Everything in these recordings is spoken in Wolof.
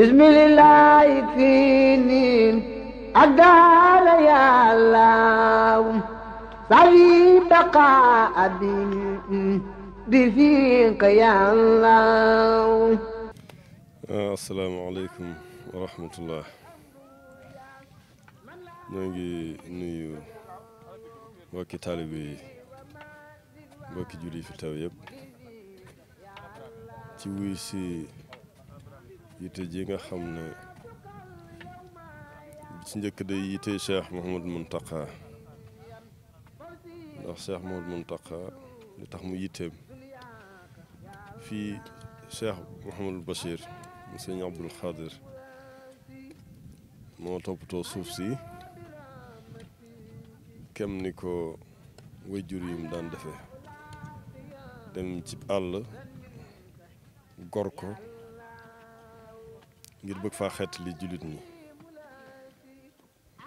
bismillah fii niin ak daala yàllaaw safi baqa abi bi fiq yàllaaw ah, asalaamaaleykum wa rahmatullah ñoo ngi nuyu mbokki taalibe yi mbokki julli fi teew yëpp ci yitte ji nga xam ne si njëkk day yitte Cheikh Mouhamadou Mountakha ndax Cheikh Mouhamadou Mountakha li tax mu yitteem fii Cheikh Mouhamadou Bachir mu sëñ Abdoul Khadir moo toppatoo suuf si kem ni ko wajjur yi mu daan defe dem ci àll gor ko ngir bëgg faa xeet li jullit ñi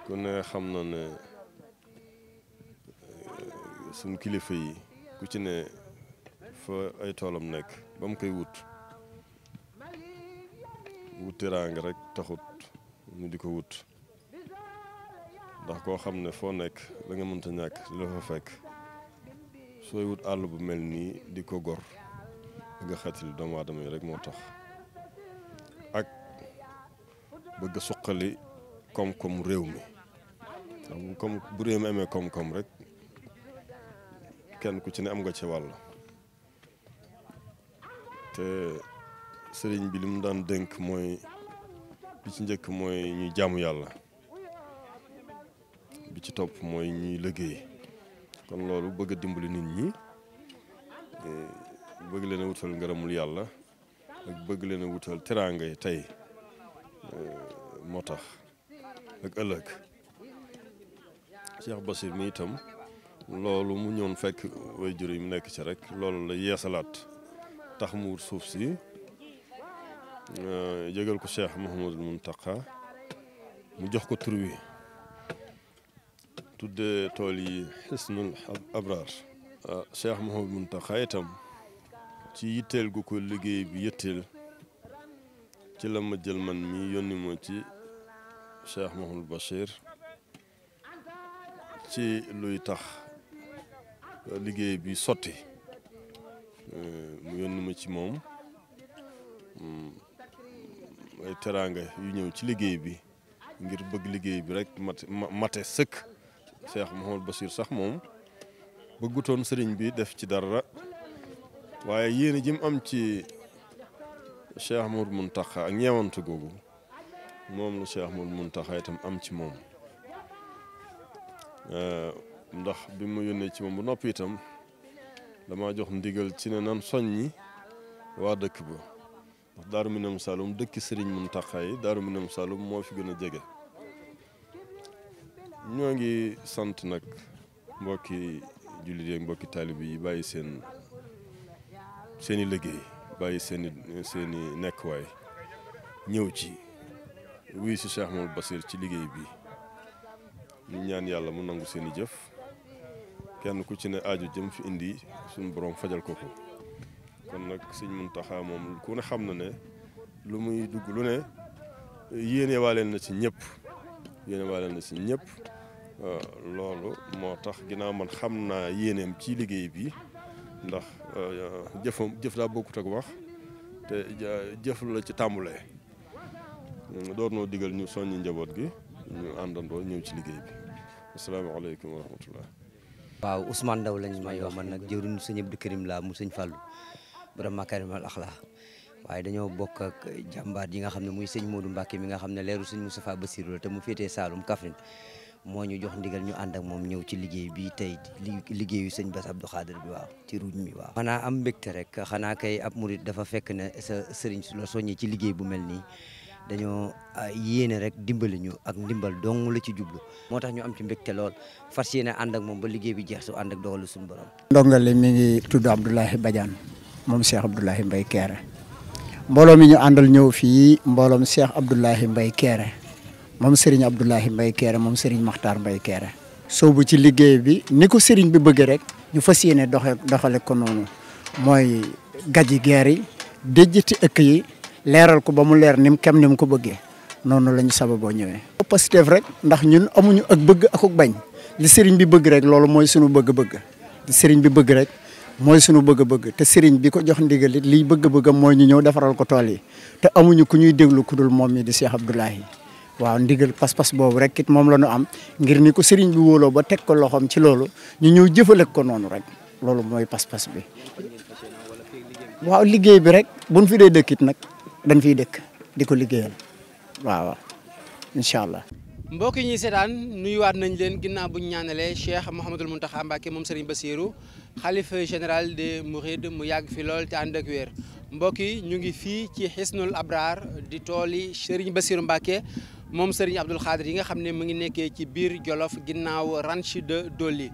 ku ne xam na ne euh, sum kilifa yi ku ci ne fa ay toolam nekk ba mu koy wut wut teraanga rek taxut ñu di ko wut ndax koo xam ne foo nekk la nga mënta ñàkk di la fa fekk sooy wut àll bu mel nii di ko gor bëgg a li doomu aadama yi rek moo tax bëgg suqali koom-koom réew mi xam comme bu amee koom-koom rek kenn ku ci ne am nga ci wàll te sëriñ bi li mu daan dénk mooy bi ci njëkk mooy ñuy jaamu yàlla bi ci topp mooy ñuy liggéey kon loolu bëgg dimbali nit ñi eh, bëgg leen a wutal ngërëmul yàlla ak bëgg leen wutal teraanga yi tey Euh, moo tax ak ëllëg Cheikh Bassir mi itam loolu mu ñoon fekk way jur yi mu nekk ci rek loolu la yeesalaat tax mu wut suuf si jégal euh, ko Cheikh Mouhamadul taxa mu jox ko tur wi tuddee tool yi xisnul abraar euh, Cheikh Mouhamadul Mountakha itam ci yitteel gu ko liggéey bi yitteel ci la ma jël man mi yónni moo ci Cheikh moom Bachir ci luy tax liggéey bi sotti mu yónni ma ci moom mm, ay teraanga yu ñëw ci liggéey bi ngir bëgg liggéey bi rek mate mate sëkk Cheikh Mahmoud Bachir sax moom bëggutoon sëriñ bi def ci dara waaye yéen a jëm am ci Cheikh Mour Muntaxa ak ñeewante googu moom la Cheikh Mour Muntaxa itam am ci moom euh, ndax bi mu yónnee ci moom bu noppi itam dama jox ndigal ci ne nan soññi waa dëkk ba ndax Daaru Minam Saloum dëkki sëriñ Muntaxa yi Daaru Minam Saloum moo fi gën a jege ñoo ngi sant nag mbokki jullit yi mbokki taalibe yi bàyyi seen seeni liggéey bàyyi seen i seen nekkuwaay ñëw ci wuyu si Cheikh Mamadou ci liggéey bi ñu ñaan yàlla mu nangu seeni jëf kenn ku ci ne aaju jëm fi indi suñu borom fajal ko ko kon nag sëñ Muntaxa moom ku ne xam na ne lu muy dugg lu ne yéene waaleen na ci ñépp yéene waaleen na ñëpp waaw loolu moo tax ginnaaw man xam naa yéeneem ci liggéey bi ndax Euh, jëfam jëf daa bokkut ak wax te jëf la ci tàmbulee door noo digal ñu soññi njaboot gi ñu àndandoo ñëw ci liggéey bi asalaamaaleykum wa rahmatullah waaw Ousmane Ndaw lañu ma yoo man nag jëwriñ sëñ Abdou Karim la mu sëñ Fallou borom Makarimal Akhlaq waaye dañoo bokk ak jàmbaar yi nga xam ne muy sëñ Modou Mbacke mi nga xam ne leeru sëñ Moustapha Bassirou la te mu féetee Saalum Kaffrine moo ñu jox ndigal ñu ànd ak moom ñëw ci liggéey bi tey liggéeyu sëñ Bass Abdou Khadir bi waaw ci ruuj mi waaw xanaa am mbégte rek xanaa kay ab murit dafa fekk ne sa sëriñ su la soññee ci liggéey bu mel nii dañoo ah, yéene rek dimbali ñu ak ndimbal dong la ci jublu moo tax ñu am ci mbégte lool fas yéene ànd ak moom ba liggéey bi jeex su ànd ak dogalu suñu borom ndongal li mi ngi tudd Abdoulahi bajaan moom Cheikh Abdoulahi mbay Kéré mbooloo mi àndal ñëw fii mbooloom Cheikh Abdoulahi Mbaye Kéré moom Serigne Abdoulahi mbay Kéré moom Serigne Makhtar Mbaye Kéré soobu ci liggéey bi ni ko Serigne bi bëgg rek ñu fas yéene doxe doxale ko noonu mooy gaji geer yi déjjati ëkk yi leeral ko ba mu leer ni mu kem ni ko bëggee noonu la sababoo ñëwee. positif rek ndax ñun amuñu ak bëgg akuk bañ li Serigne bi bëgg rek loolu mooy sunu bëgg-bëgg li bi bëgg rek mooy sunu bëgg-bëgg te Serigne bi ko jox ndigal it liy bëgg-bëggam mooy ñu ñëw defaral ko tool yi te amuñu ku ñuy déglu ku dul moom mi di Cheikh Abdoulahi waaw ndigal pas-pas boobu rek it moom la ñu am ngir ni ko sëriñ bi wóoloo ba teg ko loxoom ci loolu ñu ñëw jëfale ko noonu rek loolu mooy pas-pas bi. waaw liggéey bi rek buñ fi dee dëkkit nag dañ fiy dëkk di ko liggéeyam waaw incha allah. mbokk yi ñuy seetaan nuyuwaat nañ leen ginnaaw bu ñu ñaanalee Cheikh Mouhamadul Mountakha Mbacké moom Serigne Bassirou xalifa général des Mourides mu yàgg fi lool te ànd ak wér. mbokk yi ñu ngi fii ci Hisnul Abrar di tool yi Serigne Bassirou Mbacké. moom Serigne Abdoul Khadir yi nga xam ne mu ngi nekkee ci biir Jolof ginnaaw ranch de Dolly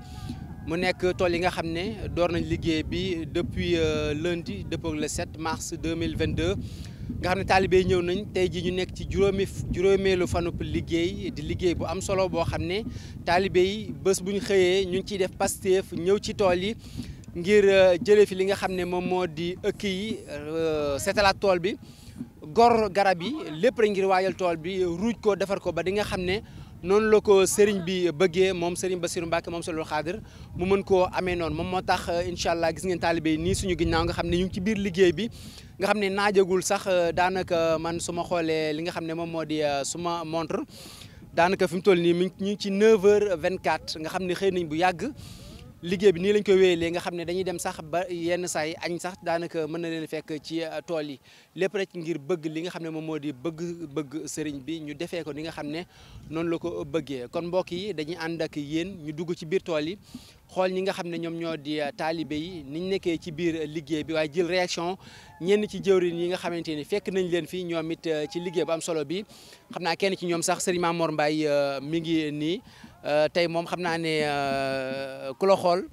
mu nekk tool yi nga xam ne door nañ liggéey bi depuis euh, lundi depuis le 7 mars 2022 nga xam ne taalibe ñëw nañ tey jii ñu nekk ci juróomi juróomeelu fanub liggéey di liggéey bu am solo boo xam ne taalibe yi bés bu ñu xëyee ñu ngi ciy def Pastef ñëw ci tool yi ngir euh, jëlee fi li nga xam ne moom moo di ëkk yi euh, setalaat tool bi gor garab yi lépp rek ngir waajal tool bi ruuj ko defar ko ba di nga xam ne noonu la ko sëriñ bi bëggee moom sëriñ Bassirou Mbacke moom Sëriñ Xaadir mu mën koo amee noonu moom moo tax euh, incha allah gis ngeen taalibe yi nii suñu ginnaaw nga xam ne ñu ngi ci biir liggéey bi nga xam ne naajagul sax euh, daanaka man su ma xoolee li nga xam ne moom moo di euh, suma montre daanaka fi mu toll nii mi ñu ci ci 9 vingt 24 nga xam ne xëy nañ bu yàgg. liggéey bi nii lañ ko koy wéyalee nga xam ne dañuy dem sax ba yenn saa yi añ sax daanaka mën na leen fekk ci euh, tool yi lépp rek ngir bëgg li nga xam ne moom moo di bëgg bëgg sëriñ bi ñu defee ko ni nga xam ne noonu la ko bëggee kon mbokk yi dañuy ànd ak yéen ñu dugg ci biir tool yi xool ñi nga xam ne ñoom ñoo di euh, taalibe yi niñ nekkee ci biir liggéey bi waaye jël réaction ñenn ci jëwriñ yi nga xamante ni fekk nañ leen fi ñoom it euh, ci liggéey bu am solo bi xam naa kenn ci ñoom sax sëriñ Mamour Mbaye mi ngi nii Euh, tey moom xam naa ne euh, ku la xool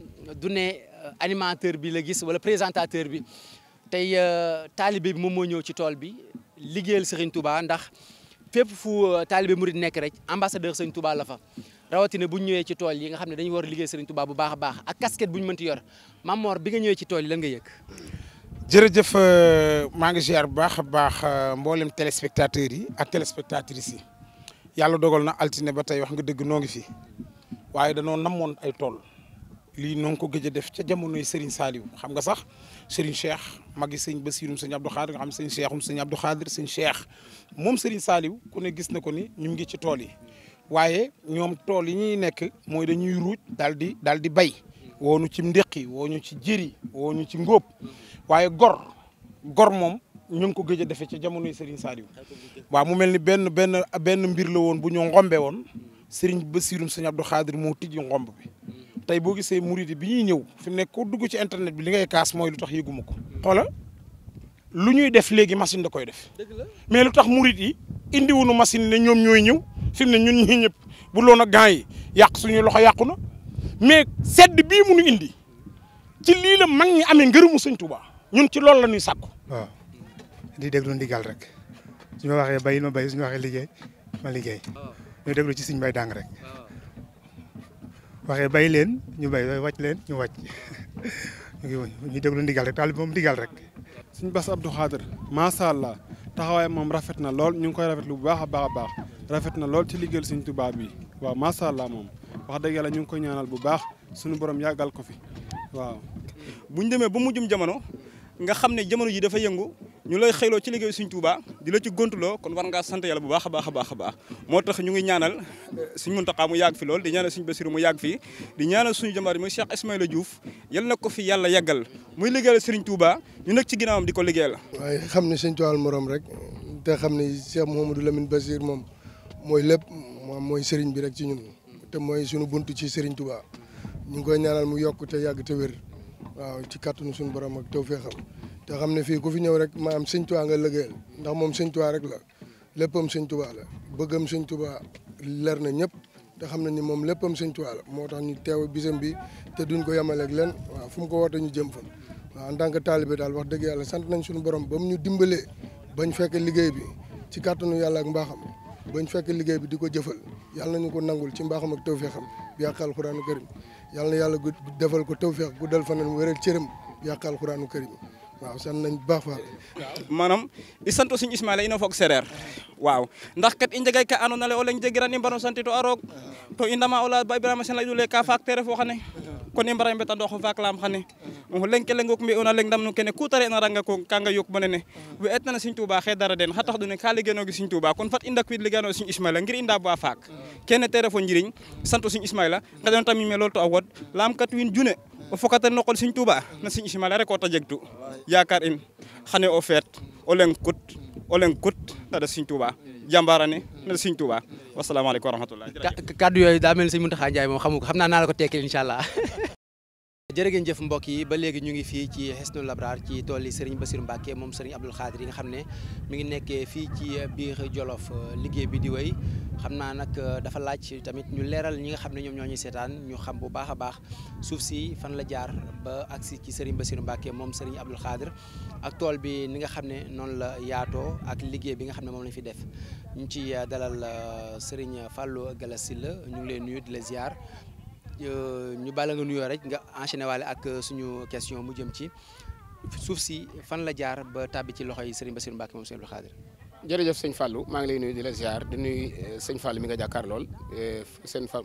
du ne euh, animateur bi la gis wala présentateur bi tey taalibe bi moom moo ñëw ci tool bi liggéeyal Serigne Touba ndax fépp fu mu murid nekk rek ambassadeur Serigne Touba la fa rawatina bu ñu ñëwee ci tool yi nga xam ne dañu war a liggéey Serigne bu baax baax ak casquette bu ñu mënti yor Mame Mor bi nga ñëwee ci tool yi lan nga yëg. jërëjëf maa ngi ziar bu baax a baax mboolem téléspectateurs yi ak téléspectatrices yi. yàlla dogal na altine ba tey wax nga dëgg noo ngi fi waaye danoo namoon ay tool lii noo ko gëj a def ca jamonoy Serigne saaliw xam nga sax Serigne Cheikh magi sëñ Basirum sëñ Abdou Khadir nga xam sëñ Cheikhum sëñ Abdou Khadir sëñ Cheikh moom Serigne saaliw ku ne gis na ko ni ñu ngi ci tool yi waaye ñoom tool yi ñuy nekk mooy dañuy ruuj dal di daal di bay woonu ci ndéqi wooñu ci jëri wooñu ci ngóob waaye gor gor moom ñu ngi ko gëj a defee ca jamonoy Serigne Saliou waaw mu mel ni benn benn benn mbir la woon bu ñu ngombe woon ba Serigne Bassirou Serigne Abdou Khadir moo tijji ngomb bi tey boo gisee murid bi ñuy ñëw fi mu nekk ku dugg ci internet bi li ngay mooy lu tax yëguma ko xoola lu ñuy def léegi machine da koy def mais lu tax murid yi indiwunu machine ne ñoom ñooy ñëw fi mu ne ñun ñi ñëpp bu loon a gants yi yàq suñu loxo yàqu na mais sedd bi mu nu indi ci lii la mag ñi amee ngërëmu Sëñ Tuubaa ñun ci loolu la ñuy sàkku di déglu ndigal rek suñu waxee bayil ma bay suñu waxee liggéey liggéey ñu déglu ci suñu bay dang waxee bay leen ñu bay wàcc leen ñu wàcc ñu déglu ndigal rek taal bi moom ndigal rek suñ Bass Abdou Khadre allah taxawaay moom rafet na lool ñu ngi koy rafetlu bu baax a baax a baax rafet na lool ci liggéeyal suñ Tuubaa bi waaw macha allah moom wax dëgg yàlla ñu ngi koy ñaanal bu baax suñu borom yàggal ko fi waaw bu ñu demee ba mujjum jamono nga xam ne jamono ji dafa yëngu ñu lay xëyloo ci liggéey suñ Touba di la ci gontuloo kon war ngaa sant yàlla bu baax a baax a baax a baax moo tax ñu ngi ñaanal eh, suñ Muntaxa mu yàgg fi lool di ñaanal suñ Basiru mu yàgg fi di ñaanal suñu jàmbaar muy Cheikh Ismaïla Diouf yal na ko fi yàlla yàggal muy liggéeyal Serigne Touba ñu nekk ci ginnaawam di ko liggéeyal waaye xam ne suñ Touba morom rek te xam ne Cheikh Mouhamadou Lamine Basir moom mooy lépp moom mooy Serigne bi rek ci ñun te mooy sunu bunt ci Serigne Touba ñu ngi koy ñaanal mu yokk te yàgg te wér waaw ci kàttanu suñu borom ak tawfeexam te xam ne fii ku fi ñëw rek maam sëñ Tuubaa nga liggéeyal ndax moom sëñ Tuubaa rek la léppam sëñ Tuubaa la bëggam sëñ Tuubaa leer na ñëpp te xam na ni moom léppam sëñ Tuubaa la moo tax ñu teew bisam bi te duñ ko yemaleeg leen waaw fu mu ko woote ñu jëm fan waaw en tant que taalibe daal wax dëgg yàlla sant nañ suñu borom ba mu ñu dimbalee bañ fekk liggéey bi ci kattanu yàlla ak mbaaxam bañ fekk liggéey bi di ko jëfal yàlla ñu ko nangul ci mbaaxam ak tawfeexam bi yàq alxuraanu karim yàlla na yàlla defal ko tawfeex guddal fanaan wéral cëram bi yàq alxuraanu karim waaw sant nañ bu baax waaw manam i santo sign ismaila ino fog sereer waaw ndax kat i njegay ka andoona yee o leŋ jegiran i mban o santito a roog to i ndama o lay ba ibrahima sene leydu yee ka faak te ref o xane koni mbara mbeta ɗoxo faak laam xane leŋ ke leŋok mbi'una leŋ ndamnu kene ku ta re'na ranga ko yok bo we etna na Sëriñ Tuuba xe dara den xa tax ɗune ka ligeenogi Sëriñ Tuuba kon fat i ndakwiid ligeano Sëriñ Ismaila ngir i ndaabo a faak kene te ref o njiriñ sant o Sëriñ Ismaila nqeɗan ta mime lool to a wod laamkat wiin june o fokatan no qol Tuuba na Sëriñ Ismaila rek o ta jegtu yaakaar in xane o feet o leŋ kut Olenkut na da Sëñ Tuubaa ne na da Sëñ Tuubaa wasalaamaaleykum wa rahmatulah. kàddu yooyu daa mel ni sëñ Mountakha Ndiaye moom xamu ko xam naa naa la ko tekkil incha jërë ngeen mbokk yi ba léegi ñu ngi fii ci Hisnul Abrar ci tool yi Serigne Bassirou Mbacké moom Serigne Abdoul Khadir yi nga xam ne mi ngi nekkee fii ci biir Jolof euh, liggéey bi di wéy xam naa nag euh, dafa laaj tamit ñu leeral ñi nga xam ne ñoom ñoo ñuy seetaan ñu xam bu baax a baax suuf si fan la jaar ba agsi ci Serigne Bassirou Mbacké moom Serigne Abdoul Khadir ak tool bi ni nga xam ne noonu la yaatoo ak liggéey bi nga xam ne moom lañ fi def ñu ci euh, dalal Serigne Fallou Galassila ñu ngi leen nuyu di la ziar Euh, ñu bala nga nuyoo rek nga enchaîné waale ak euh, suñu question mu jëm ci suuf si fan la jaar ba tàbbi ci loxoy Serigne Bassirou Mbacké moom Serigne Abdou Khadre jërëjëf sëñ Fallou maa ngi lay nuy di la ziar di nuyu eh, sëñ Fallou mi nga jàkkaar lool eh, seen ko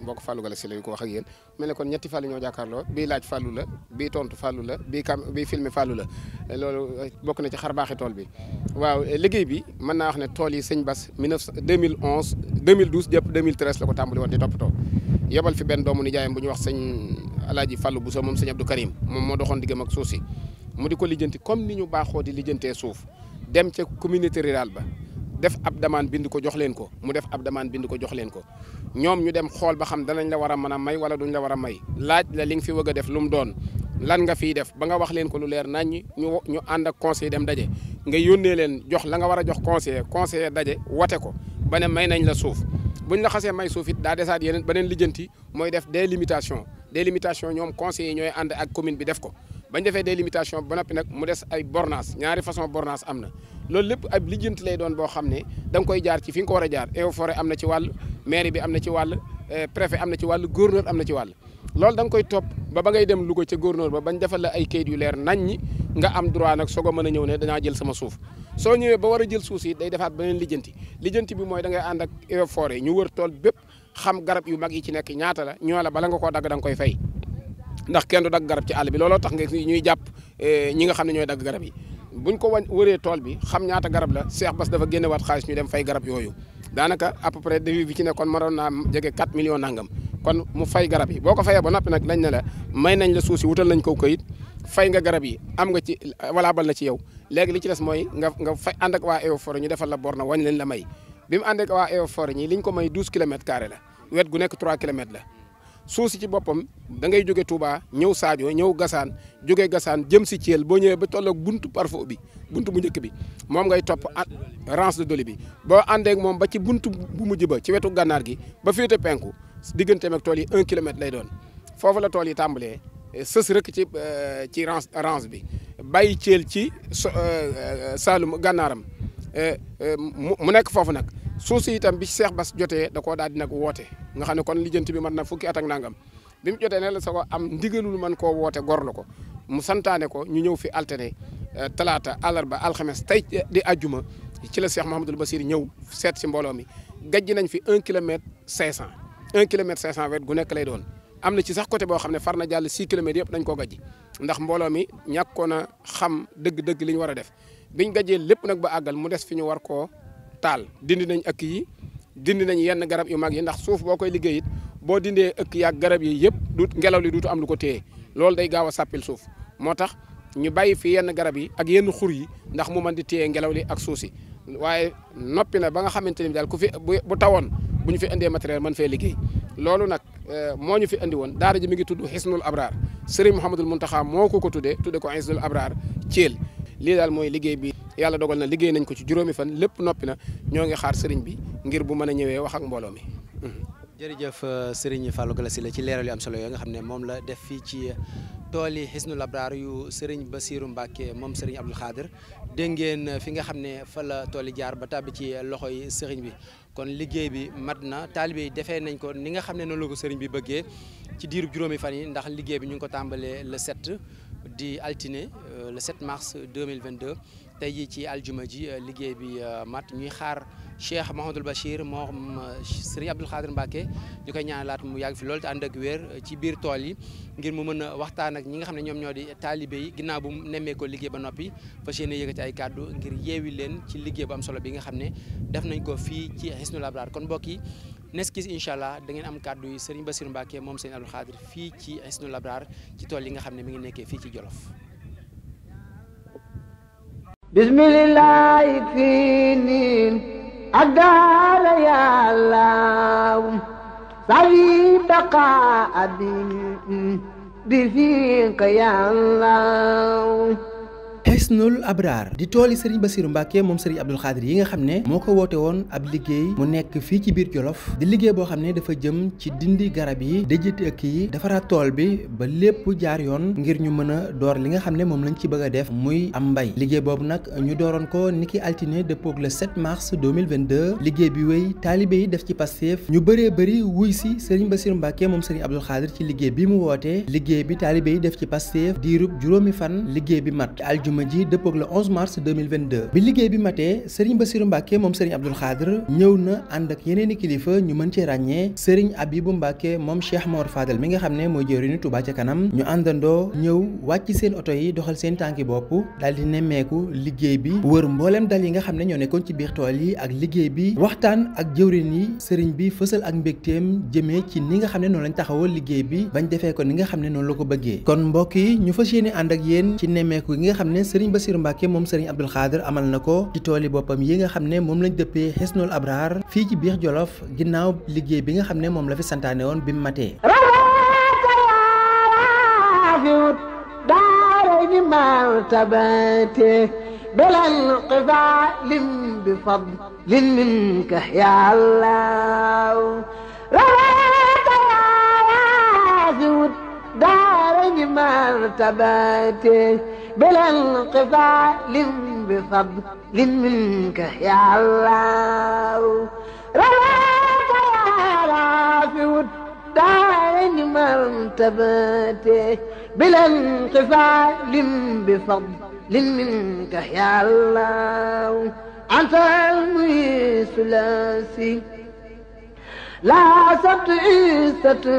wax ak yéen mel ne kon ñetti Fallou ñoo jàkkaarloo bii laaj Fallou la bii tontu Fallou la bii cam bii filmé Fallou la eh, loolu bokk na ci xar baaxi tool bi waaw liggéey bi mën naa wax ne tool yi bas sëñ Bass 2011 2012 jëpp 2013 la ko tàmbali woon di toppatoo yebal fi benn doomu nijaayam bu ñu wax sëñ Alaaji Fallou Bousso moom sëñ Abdou Karim moom moo doxoon diggam ak suuf si mu di ko lijjanti comme ni ñu baaxoo di lijjantee suuf dem ca communauté rurale ba def ab demande bind ko jox leen ko mu def ab demande bind ko jox leen ko ñoom ñu dem xool ba xam danañ la war a mën a may wala duñ la war a may laaj la li nga fi wëgg a def lu mu doon lan nga fiy def ba nga wax leen ko lu leer nañ ñu ñu ànd ak conseil dem daje nga yónnee leen jox la nga war a jox conseiller conseiller daje wate ko ba ne may nañ la suuf buñ la xasee may suuf it daa desaat yeneen beneen lijanti mooy def délimitation délimitation ñoom conseillers ñooy ànd ak commune bi def ko bañ defee délimitation ba noppi nag mu des ay bornage ñaari façon bornage am na loolu lépp ab lijjanti lay doon boo xam ne da nga koy jaar ci fi nga ko war a jaar Eaux et na ci wàll mairie bi na ci wàll euh, préfet am na ci wàll gouverneur am na ci wàll loolu da koy topp ba ba ngay dem Louga ca gouverneur ba bañ defal la ay kayit yu leer nañ ñi nga am droit nag soo a mën a ñëw ne danaa jël sama suuf soo ñëwee ba war a jël suuf si day defaat beneen lijjanti lijjanti bi mooy dangay ngay ànd ak Eaux et Forêts ñu wër tool bépp xam garab yu mag yi ci nekk ñaata la ñoo la bala nga koo dagg da koy fay ndax kenn du dagg garab ci àll bi looloo tax nga ñuy jàpp eh, ñi nga xam ne ñooy dagg garab yi buñ ko wañ wëree tool bi xam ñaata garab la Cheikh bas dafa génne waat xaalis ñu dem fay garab yooyu daanaka à bi ci ne kon maroon naa jege 4 millions kon mu fay yi boo ko fayee ba noppi nag lañ ne la may nañ la suuf si wutal nañ ko kayit fay nga garab yi am nga ci wala na ci yow léegi li ci des mooy nga nga fay ànd ak waa EOFOR ñu defal la borne wañ lañ la may bi mu ànd ak waa EOFOR ñi liñ ko may 12 kilomètres carré la wet gu nekk 3 kilomètres la suuf si ci boppam da ngay jóge Touba ñëw Sadio ñëw Gassane jóge Gassane jëm si Thiel boo ñëwee ba tolloog buntu parfo bi buntu bu njëkk bi moom ngay topp at rance de doli bi boo àndeek moom ba ci buntu bu mujj ba ci wetu gànnaar gi ba féete penku digganteem ak tool yi un kilomètre lay doon foofu la tool yi tàmbalee sës ci euh, ci rance rance bi bàyyi Thiel ci euh, euh, Saalum gànnaaram mu nekk foofu nag. suuf si itam bi Cheikh bas jotee da koo daal di nag woote nga xam ne kon lijjanti bi mën na fukki at ak nangam bi mu jotee ne la sa ko am ndigalul man koo woote la ko mu santaane ko ñu ñëw fi altine eh, talaata àllarba alxames tey di ajjuma ci la Cheikh ba Basir ñëw seet si mbooloo mi gajj nañ fi un kilomètre cinq cent un kilomètre cinq wet gu nekk lay doon am na ci sax côté boo xam ne far na jàll six kilomètres yëpp dañ koo gajji ndax mbooloo mi ñàkkoon a xam dëgg-dëgg li ñu war a def biñ gajjee lépp nag ba àggal mu des fi ñu war koo taal dindi nañ ëkk yi dindi nañ yenn garab yu mag yi ndax suuf boo koy liggéey it boo dindee ëkk yaag garab yi yëpp du ngelaw li duutu am lu ko téye loolu day gaaw a sappil suuf moo tax ñu bàyyi fi yenn garab yi ak yenn xur yi ndax mu mën di téye ngelaw li ak suuf si waaye noppi na ba nga xamante ni daal ku fi bu tawoon bu ñu fi indee matériel mën fee liggéey loolu nag euh, moo ñu fi indi woon daara ji mi ngi tudd Hisnul Abraar Serigne Mouhamadul Mountakha moo ko ko tuddee tuddee ko Hisnul Abraar Thiel lii daal mooy liggéey bi yàlla dogal na liggéey nañ ko ci juróomi fan lépp noppi na ñoo ngi xaar sëriñ bi ngir bu mën a ñëwee wax ak mbooloo mi. jërëjëf euh, sëriñ Fallou Galass la ci leeral yu am solo yoo nga xam ne moom la def fii ci tool yi Hisnul Abraar yu sëriñ Bassirou Mbacke moom sëriñ Abdoul Khadir dégg ngeen euh, fi nga xam ne fa la tool yi jaar ba tàbbi ci euh, loxo yi sëriñ bi kon liggéey bi mat na taalibe defee nañ ko ni nga xam ne na la ko sëriñ bi bëggee ci diirub juróomi fan yi ndax liggéey bi ñu ngi ko tàmbalee le 7 di altine euh, le 7 mars 2022 tey jii ci aljuma ji euh, liggéey bi euh, matt ñuy xaar Cheikh Mahamadul Bachir moom Serigne Abdoul Khadir Mbacke ñu koy ñaanalaat mu yàgg fi loolu te ànd ak wér ci biir tool yi ngir mu mën a waxtaan ak ñi nga xam ne ñoom ñoo di taalibe yi ginnaaw bu mu nemmee ko liggéey ba noppi fas yéene yëkkati ay kàddu ngir yeewi leen ci liggéey bu am solo bi nga xam ne def nañ ko fii ci Hisnul Abrar kon mbokk yi neskis incha allah da ngeen am kàddu yi Serigne Bassirou moom seen Abdou Khadre fii ci Hisnul Abrar ci tool yi nga xam ne mi ngi nekkee fii ci Jolof bismillahi fii niin ak daala yàllaw safi baqa abi bi fii ka yàllaw Hisnul Abrar di tooli Serigne Bassirou Mbacké moom Serigne Abdoul Khadir yi nga xam ne moo ko woote woon ab liggéey mu nekk fii ci biir Jolof di liggéey boo xam ne dafa jëm ci dindi garab yi dëjëti ëkk yi defaraat tool bi ba lépp jaar yoon ngir ñu mën a door li nga xam ne moom lañ ci bëgg a def muy am mbay liggéey boobu nag ñu dooroon ko niki altine dëppoog le 7 mars 2022 liggéey bi wéy taalibe yi def ci Pastef ñu bëree bëri wuy si Serigne Bassirou Mbacké moom Serigne Abdoul Khadir ci liggéey bi mu woote liggéey bi taalibe yi def ci Pastef diirub juróomi fan liggéey bi mat ajuma ji dëppook le 11 mars 2022 bi liggéey bi matee Serigne Bassirou Mbacke moom Serigne Abdoul Khadr ñëw na ànd ak yeneen kilifa ñu mën ci ràññee Serigne Abibou Mbacke moom Cheikh Mor Fadel mi nga xam ne mooy jëwriñu Touba ca kanam ñu àndandoo ñëw wàcc seen oto yi doxal seen tànki bopp daal di nemmeeku liggéey bi wër mbooleem dal yi nga xam ne ñoo nekkoon ci biir tool yi ak liggéey bi waxtaan ak jëwriñ yi sëriñ bi fësal ak mbégteem jëmee ci ni nga xam ne noonu lañ taxawal liggéey bi bañ defee ko ni nga xam ne noonu ko bëggee kon nga xam ne ne Serigne Bassirou moom Serigne Abdoul Khadir amal na ko ci tooli boppam yi nga xam ne moom lañ dëppee Hisnul Abrar fii ci biir Jolof ginnaaw liggéey bi nga xam ne moom la fi santaane woon bi mu matee bi الحسين مرتباتي بلا انقطاع بفضل منك يا الله رواك يا رافع الدارين مرتباتي بلا انقطاع بفضل منك يا الله أنت المي ثلاثي لا سبت عيسة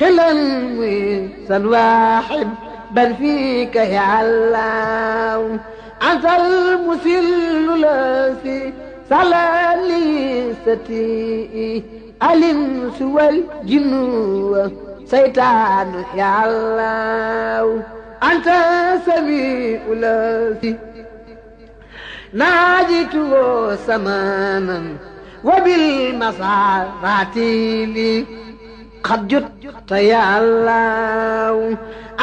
خلال ويسا واحد بل فيك يا علام عسى المسل لاسي سلالي ستي الانس والجن سيطان يا الله انت سميع لاسي ناجت سمانا وبالمصارات لي قد جدت يا الله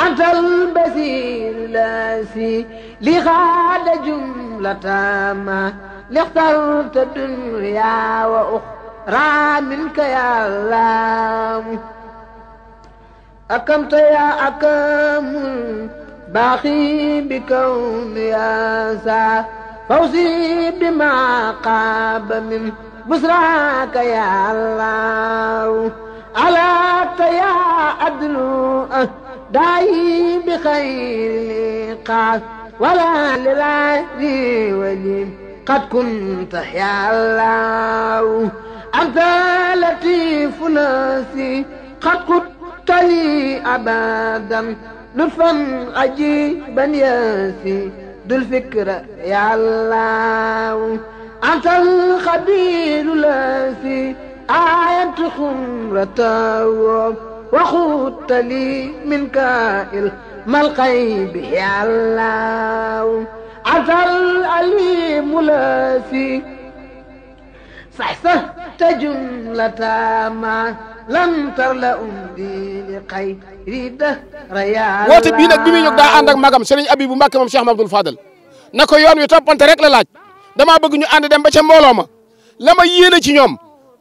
أنت البزير لاسي لغاد جملة ما لاخترت الدنيا وأخرى منك يا الله أكمت يا أكم باقي بكون يا سا فوزي بما قاب من بسراك يا الله ألا يا أدنو داي بخير قاف ولا للعدي ولي قد كنت يا الله أنت لطيف ناسي قد كنت لي أبدا لطفا عجيبا ياسي ذو الفكرة يا الله أنت الخبير لاسي آية خمرة وخوت لي منك ما الغيب يا الله عثر الأليم لاسي صحصحت جملة ما lan tar la li xay rida raya woote bii nag bi muy jóg daa ànd ak magam Serigne Abibu Mbàkke moom Cheikh Mamadou Fadal na ko yoon wi toppante rek la laaj damaa bëgg ñu ànd dem ba ca mbooloo ma la ma yéene ci ñoom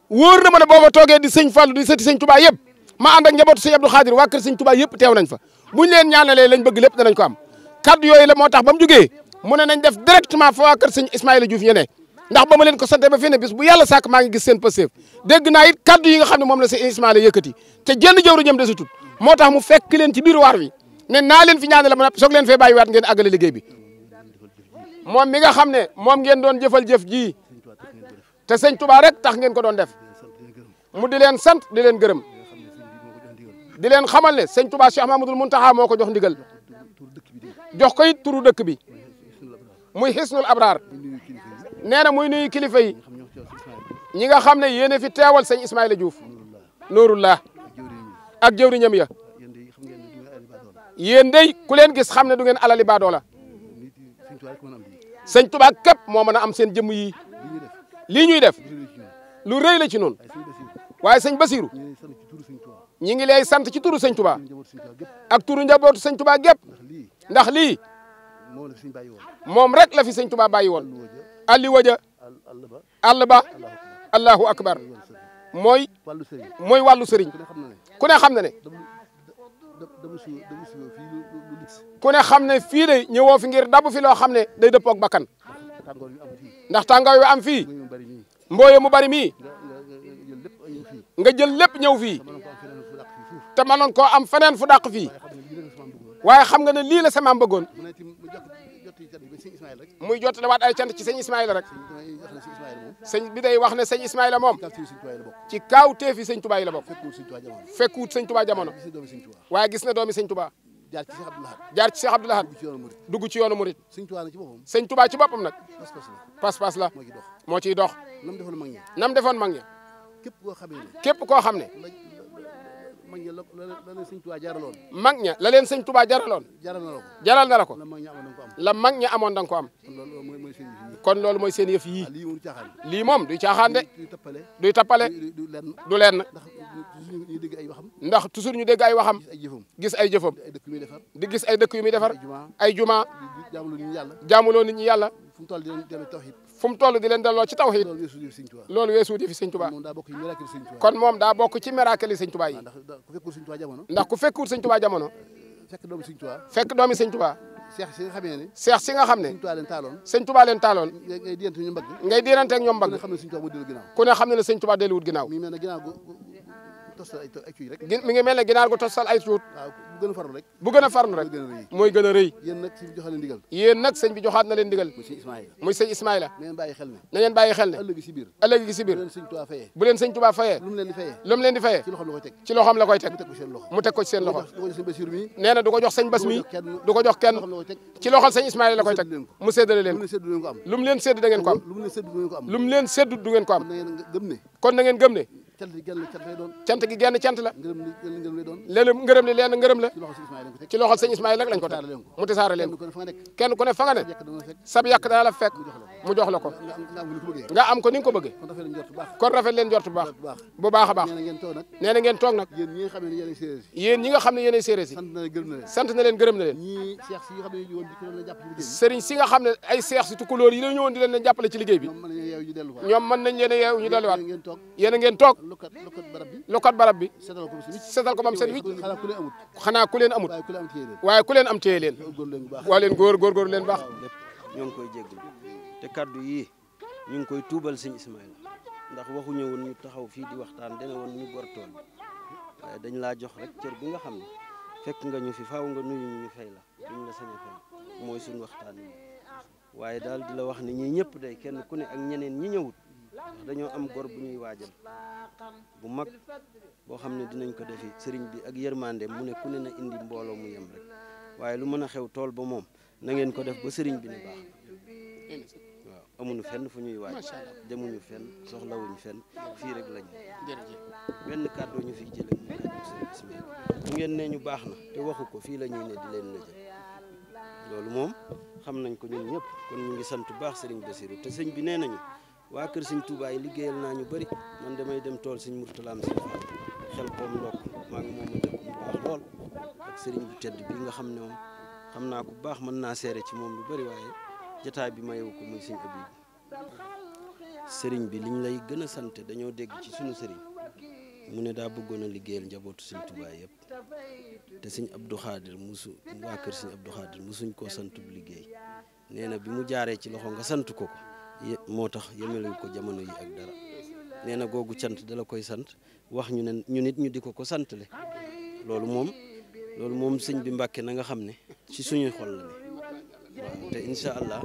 woor na ma ne boo ma toogee di sëñ Fallou di sëti sëñ Touba yëpp ma ànd ak njabootu sëñ Abdou Khadir waa kër sëñ Touba teew nañ fa buñ leen ñaanalee lañ bëgg lépp danañ ko am kaddu yooyu la moo tax ba mu jógee mu ne nañ def directement fa waa kër sëñ Ismaïla Diouf ñene ndax ba ma leen ko sante fi ne bis bu yàlla sàkk maa ngi gis seen pëseef dégg naa it kaddu yi nga xam ne moom la sëñ Ismaïla yëkkati te jenn jëwru jëm desutut moo tax mu fekk leen ci biir waar wi ne naa leen fi ñaane la ma xam ne moom ngeen doon jëfal jëf te señ Touba rek tax ngeen ko doon def mu di leen sant di leen gërëm di leen xamal ne sëñ Touba Cheikh Mahmadul Muntaha moo ko jox ndigal jox ko it turu dëkk bi muy xisnul abraar nee na muy nuyu kilifa yi ñi nga xam ne yéen a fi teewal sëñ Ismaïla Diouf Nuurullah ak jëwriñam ya yéen day ku leen gis xam ne du ngeen alali baadoo la sëñ Touba képp moo mën a am seen jëmm yi lii ñuy def lu rëy la ci noonu waaye sëñ Basiru ñi ngi lay sant ci turu sëñ Touba ak turu njabootu sëñ Touba gépp ndax lii moom rek la fi sëñ Touba bàyyi woon alli waja àll ba allahu akbar mooy mooy wàllu sëriñ ku ne xam na ne ku ne xam ne fii de ñëwoo fi ngir dabu fi loo xam ne day dëppoog bakkan ndax tàngaay wi am fii mbooye mu bari mii nga jël lépp ñëw fii te mënoon koo am feneen fu dàq fii waaye xam nga ne lii la sama am bëggoon muy jottali waat ay cant ci sëñ Ismaïla rek sëñ bi day wax ne sëñ Ismaïla moom ci kaawteefi sëñ Tuubaa yi la bokk fekkuwut sëñ Tuubaa jamono waaye gis na doomi sëñ Tuubaa jaar ci Cheikh Abdou Lahad jaar ci Cheikh Abdou Lahad dugg ci yoonu murit sëñ Tuubaa ci boppam sëñ Tuubaa la moo ciy dox nam defoon mag nam defoon mag ñi koo xam ne mag ña la leen sëñ Tuubaa jaraloon. mag ña la leen sëñ Tuubaa jaraloon. jaral na la ko jaral na la ko. la mag ña amoon da nga ko am. kon loolu mooy seen yëf yii. Ah, lii moom du caaxaan de. duy tappale du lenn ndax toujours ñu dégg ay waxam. gis ay jëfam di gis ay dëkk yu muy defar. ay juma jaamuloo nit ñi yàlla. jaamuloo nit ñi yàlla. fu mu toll fu mu toll di leen delloo ci tawhid loolu weesuut yi fi sëñ kon moom daa bokk ci miracle yi yi ah, ndax ku eh, fekk doomi sëñ Tuubaa fekk doomi sëñ seex si ne seex xam ne sëñ leen taaloon ngay diirante ak ñoom mbagg xam ne ne sëñ Tuubaa delluwut ginnaaw tostal ay ay cuuj rek. mi ngi mel ne ginaar gu tostal ay cuut. waaw bu gën rek. bu gën a farlu rek mooy gën bi joxaat na leen ndigal. muy sëñ Ismaïla. na ngeen bàyyi xel xel ne. ëllëg si biir. bu leen sëñ Tuubaa fayee. mu leen ko ci loxo. nee na jox sëñ Bas mi du jox kenn ci loxol sëñ Ismaïla la koy teg mu séddale leen ko leen sédd da ko am lu leen sédd du ko am kon na ngeen ne cant gi genn cant lay doon cant gi genn cant la ngërëm li genn ngërëm lay doon léeg ngërëm li lenn ngërëm la ci loxol sëñ Ismaïla rek lañ ko teg mu tasaare leen kenn ku ne fa nga ne sab yàq daa la fekk mu jox la ko nga am ko ni nga ko bëggee kon rafet leen njort bu baax bu baax a baax nee na ngeen toog nag yéen ñi nga xam ne yéen ay séeréer si sant na leen gërëm na leen sëriñ si nga xam ne ay seex si tukulóor yi la ñëwoon di leen jàppale ci liggéey bi ñoom mën nañ leen a yeew ñu delluwaat yéen a ngeen toog lokkat barab bi setal ko ba mu set wicc xanaa ku leen amut waaye ku leen am téye leen waa leen góor góor góor leen baax ñoo ngi koy jéggul te kaddu yii ñu ngi koy tuubal sëñ Ismaïla ndax waxuñu woon ñu taxaw fii di waxtaan dana woon ñu gor tool waaye dañ laa jox rek cër bi nga xam ne fekk nga ñu fi faw nga nuyu ñu fay la duñ la sañ a si mooy waxtaan yi waaye daal di la wax ne ñi ñëpp day kenn ku ne ak ñeneen ñi ñëwut dañoo am gor bu ñuy waajal bu mag boo xam ne dinañ ko defi sëriñ bi ak yërmande mu ne ku ne indi mbooloo mu yem rek waaye lu mën a xew tool ba moom na ngeen ko def ba sëriñ bi ne baax waaw fenn fu ñuy waaj demuñu fenn soxlawuñu fenn fii rek lañu jërëjëf fi jële mu kàddu sëriñ Ismaïl ñu baax na te waxu ko fii la ñuy ne di leen jël loolu moom xam nañ ko ñun ñëpp kon ñu ngi sant baax sëriñ Bassirou te sëñ bi nee nañu waa kër siñ tuubaay liggéeyal naa ñu bari man damay dem tool sëñ Mourtalaam si xel koom ndokk maa ngi moom a dëkk bu baax lool ak sëriñ bu tedd bi nga xam ne moom xam naa bu baax mën naa seere ci moom lu bëri waaye jataay bi mayewu ko muy sëñ Abib sëriñ bi liñ lay gën a sant dañoo dégg ci suñu sëriñ mu ne daa bëggoon a liggéeyal njabootu sëñ Touba yëpp te sëñ Abdou Khadir musu waa kër musuñ koo sant bu liggéey nee na bi mu jaaree ci loxo nga sant ko moo tax yemele ko jamono yi ak dara nee na googu cant dala koy sant wax ñu ne ñu nit ñu di ko ko santale loolu moom loolu moom sëñ bi Mbàkke na nga xam ne ci suñuy xol la ne waaw te incha allah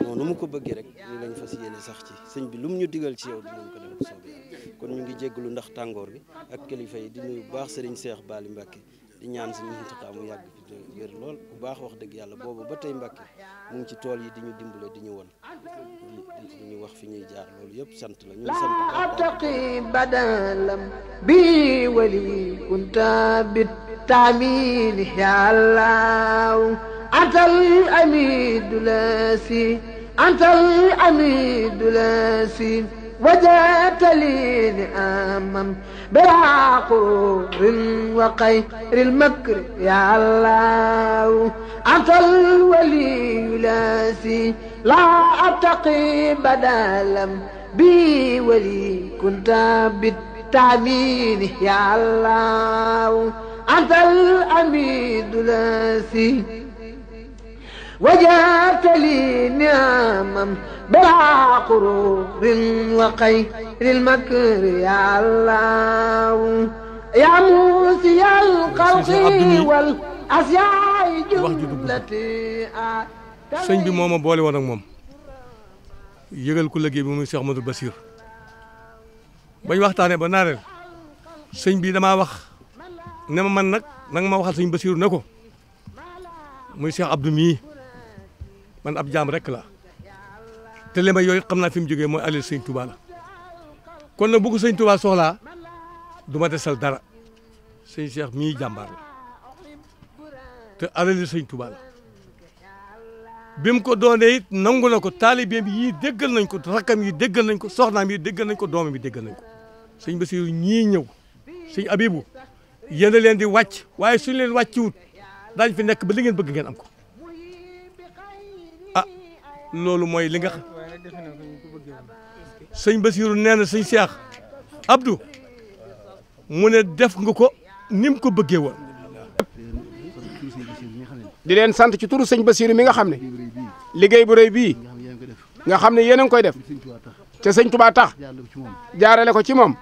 noonu mu ko bëggee rek ñu lañ fas yéene sax ci sëñ bi lu mu ñu digal ci yow dinañ ko def bu soobee kon ñu ngi jéggalu ndax tàngoor bi ak kilifa yi di nuyu baax sëriñ Seex Baali Mbàkke di ñaan suñu Muntaxa mu yàgg fi wér lool bu baax wax dëgg yàlla boobu ba tey Mbàkke mu ci tool yi di ñu dimbale di ñu won di ñu wax fi ñuy jaar loolu yëpp sant la ñun sant ataqi badalam bi wali kunta bi taamini ya Allah antal si antal amidul si وجدت لي نعما بلا قرور وخير المكر يا الله أنت الولي لاسي لا أتقي بدلا بي ولي كنت بالتعمين يا الله أنت الأميد لاسي وجعلت لي نعما بلا قرور وخير المكر يا الله يا موسي الخلق والأسياء جملتي sëñ bi moom ma boole woon ak moom yëgal ku liggéey bi muy Cheikh Ahmadou basir bañ waxtaanee ba naareel sëñ damaa wax ne man nag nanga ma waxal sëñ Bassir ne ko muy Cheikh Abdou man ab jaam rek la te li yooyu xam naa fi mu jógee mooy alal sëñ Touba la kon nag bu ko sëñ Touba soxlaa du ma desal dara sëñ Cheikh mii jàmbaar la te alal sëñ Touba la bi mu ko doonee it nangu na ko taalibeem yii déggal nañ ko rakkam yi déggal nañ ko soxnaam yi déggal nañ ko doomam yi déggal nañ ko sëñ Bassirou ñii ñëw sëñ Abibu yéen a leen di wàcc waaye suñu leen wàcciwut daañ fi nekk ba li ngeen bëgg ngeen am ko loolu mooy li nga xam sëñ Basiiru nee na sëñ Seex Abdou mu ne def nga ko ni mu ko bëggee woon. di leen sant ci turu sëñ Basiiru mi nga xam ne liggéey bu rëy bii nga xam ne yéen a ngi koy def te sëñ Tuubaa tax jaarale ko ci moom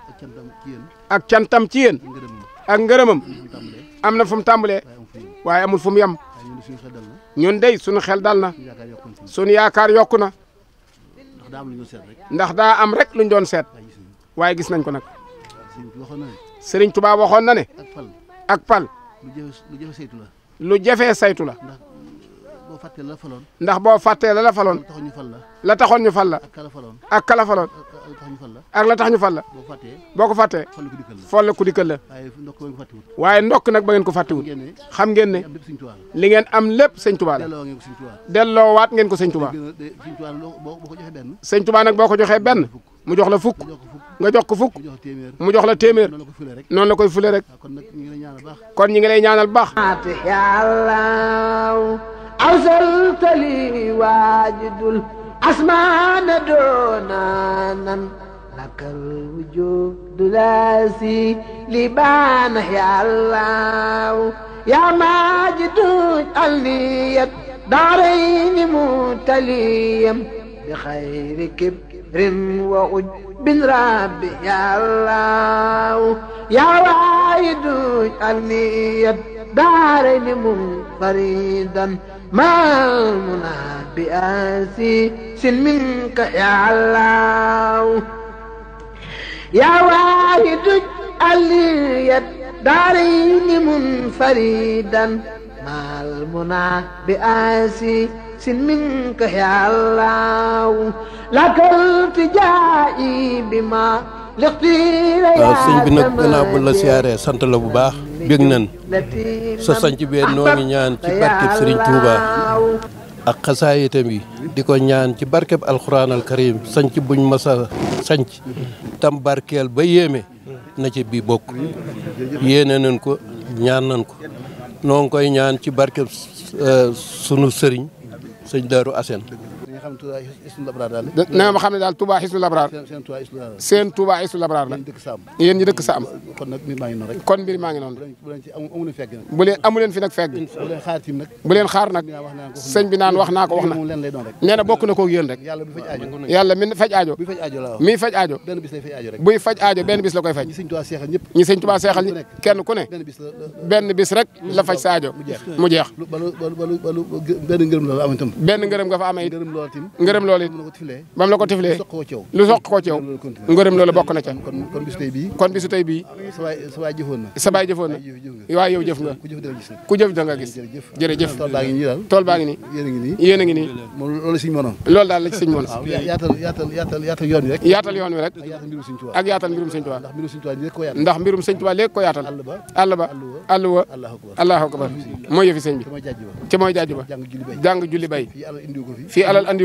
ak cantam ci yéen ak ngërëmam am na fu mu tàmbalee waaye amul fu mu yem ñun dey suñu xel dal na suñu yaakaar yokku na ndax daa am rek luñ doon seet waaye gis nañ ko nag Sëriñ Tuubaa waxoon na ne ak pal lu jafee saytu la ndax boo fàttee la la faloon la taxoon ñu fal la ak kala faloon ak la tax ñu fal la boo ko fàttee foll ku dikkal la waaye ndokk nag ba ngeen ko fàttewut xam ngeen ne li ngeen am lépp sëñ Tuubaa delloo waat ngeen ko sëñ Tuubaa sëñ Tuubaa nag boo ko joxee benn mu jox la fukk nga jox ko fukk mu jox la téeméer noonu la koy fule rek ah, kon ñi ngi lay ñaanal baax awsaltali waajidul أسمان دونا لك الوجود لاسي لبان يا الله يا ماجد النية دارين متليم بخير كبر وعجب ربي يا الله يا وايد النية دارين منفردا ما المنى بآسي انس منك يا الله يا واحد علي الدارين منفردا مع المنى بآسي سن منك يا الله لك التجائي بما waaw sëñ bi nag gannaaw bu la siyaaree sant la bu baax bég nan sa sanc bee noo ngi ñaan ci barkeb Sëriñ Tuubaa ak xasaayitam yi di ko ñaan ci barkeb alxuraan al karim sanc buñ masa sanc tam barkeel ba yéeme na ci bi bokk yéene ko ñaan nañ ko noo koy ñaan ci barkeb euh, sunu sëriñ sëñ Daaru Asen xam ne Touba Hisnul Abraar daal. na ma xam ne daal Touba Hisnul Abraar. seen Touba Hisnul Abraar. seen Touba ñi dëkk Saam. kon mbir maa bu leen ci fi nag fekk. bu leen xaar nag. bu bi naan wax naa ko wax na. nee bokk na koog yéen rek. yàlla mi faj aajo. yàlla mi faj buy faj aajo benn bis la koy faj. ñi sëñ Touba seexal kenn ku ne. benn bis rek la faj sa aajo mu jeex. benn ngërëm la fa amee itam. ngërëm loolu it ba mu la ko tiflee lu soq koo ceew ngërëm loolu bokk na ca kon bisu tey bii jëfoon na waaye yow jëf nga ku jëf da nga gis jërëjëf tool baa ngi nii yéen a ngi nii loolu daal la siñ mënoon yaatal yoon wi rek ak yaatal mbirum sëñ Tuubaa ndax mbirum sëñ Tuubaa léegi ko yaatal àll ba àll wa allahu akbar mooy yëfi sëñ bi ci mooy jaaj ba jàng julli bay fii alal indi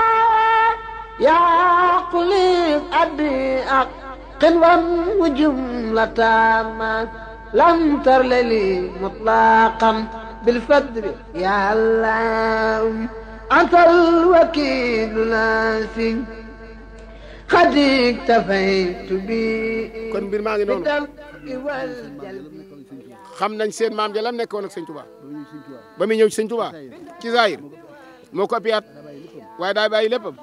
يعقليب أبي أقل وجملة ما لم ترللي مطلقا بالفدر يا الله أنت الوكيل ناسي xadik dafay tubi kon mbir maa ngi noonu xam nañ seen maam ja lan nekkoon ak sëñ Tuba ba muy ñëw ci Tuba ci Zahir moo ko ëppi daay bàyyi léppam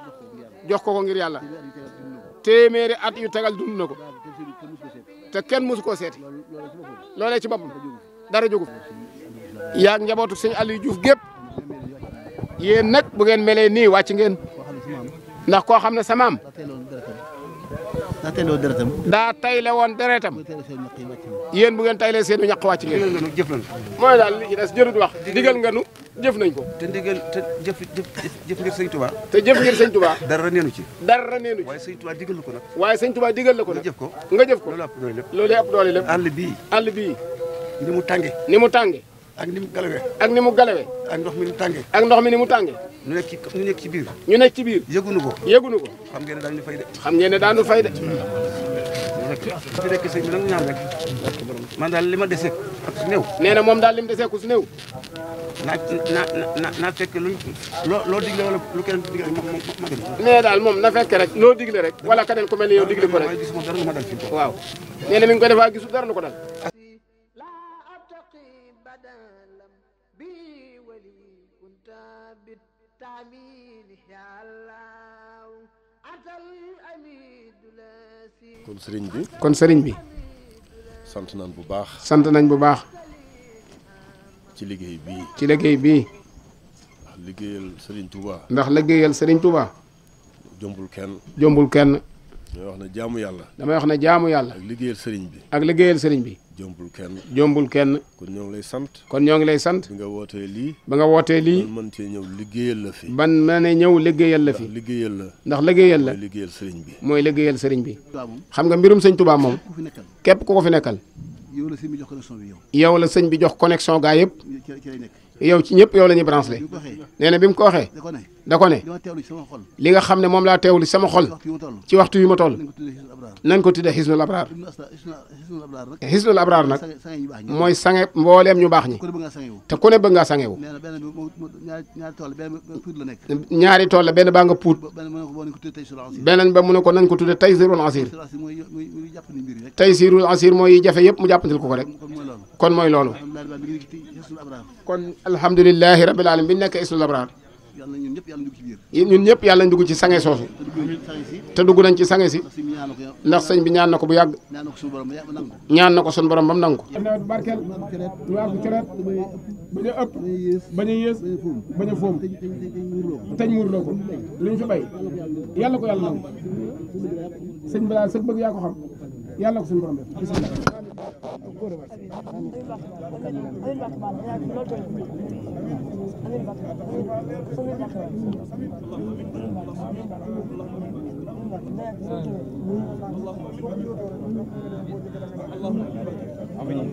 jox ko ko ngir yàlla téeméeri at yu tegal dund na ko te kenn mësu koo seeti loolee ci boppam dara jógu fi yaa njabootu sëñ Aliou Diouf gépp yéen nag bu ngeen melee nii wàcc ngeen ndax koo xam ne sa maam daa tayle woon deretam daa tayle woon deretam yéen bu ngeen taylee seenu ñaq wàcc ngeen mooy daal li ci des jërut wax digal nga nu jëf nañ ko. te ndigal te jëf jëf ngir sëñ Touba. te jëf ngir sëñ Touba. dara neenu ci. dara neenu ci waaye sëñ Touba digal la ko nag. waaye sëñ Touba digal la ko nag nga jëf ko. nga jëf ko loolu ëpp doole lépp. loolu ëpp doole lépp. àll bi àll bi ni mu tànge. ni mu tànge. ak ni mu galawee. ak ni mu galawee. ak ndox mi ni mu tànge. ak ndox mi ni mu tànge. ñu nekk ci ñu nekk ci biir. ñu nekk ci biir. yëgunu ko yëgunu ko. xam ngeen ne daanu fay de. xam ngeen ne daanu fay de rek fi nekk sëñ bi nag ñaan rek man daal li ma dese ak su néew nee na moom daal li mu dese ku su néew naa naa naa fekk luñ loo loo digle moom na fekk loo digle rek wala keneen ku mel ni digle ko rek gisuma dara lu ma dal fi waaw nee na mi ngi koy defaa gisul dara lu ko dal kon sëriñ bi kon sëriñ bi. sant nañ bu baax. sant nañ bu baax. ci liggéey bii. ci liggéey bi ndax liggéeyal sëriñ Touba. ndax liggéeyal sëriñ Touba. jombul kenn. jombul kenn. damay wax na jaamu yàlla. damay wax ne jaamu yàlla. ak liggéeyal sëriñ bi. ak liggéeyal sëriñ bi. jombul kenn. jombul kenn. kon ñoo ngi lay sant. kon ñoo ngi lay sant. bi nga wootee lii. ba nga wootee lii. man mën cee ñëw liggéeyal la fi. ban ne ñëw liggéeyal la fi. ndax liggéeyal la. ndax liggéeyal la. mooy liggéeyal sëriñ bi. mooy liggéeyal sëriñ bi. xam nga mbirum sëñ Touba moom. képp ku ko fi nekkal. yow la sëñ bi jox connexion yow. la sëñ bi jox connexion gaa yëpp. yow ci ñëpp yow la ñuy branché. nee bi mu ko waxee. da ko ne li nga xam ne moom laa teewul teewlu sama xol ci waxtu yu ma toll nañ ko tuddee xisnul abraar xisnul abraar nag mooy sange mbooleem ñu baax ñi te ku ne bëgg ngaa sangewu ñaari tool la benn baa nga puut beneen ba mu ne ko nañ ko tuddee taysirul asir taysirul asir mooy jafe yëpp mu jàppandil ko ko rek kon mooy loolu kon alhamdulilahi rabbil alamin bi nekk xisnul abraar ñun ñëpp yàlla dugg ci biir ñun ñëpp yàlla dugg ci sange soosu te dugg nañ ci sange si ndax sëñ bi ñaan na ko bu yàgg ñaan na ko suñu borom ñaan na ko suñu borom ba mu nangu ko nawet barkeel ñu àgg ci ret bañ a ëpp bañ a yées bañ a foom teñ muurloo ko lu ñu fi bay yàlla ko yàlla nangu sëñ bi daal sëñ bëgg yaa ko xam ko suñu borom def Amin.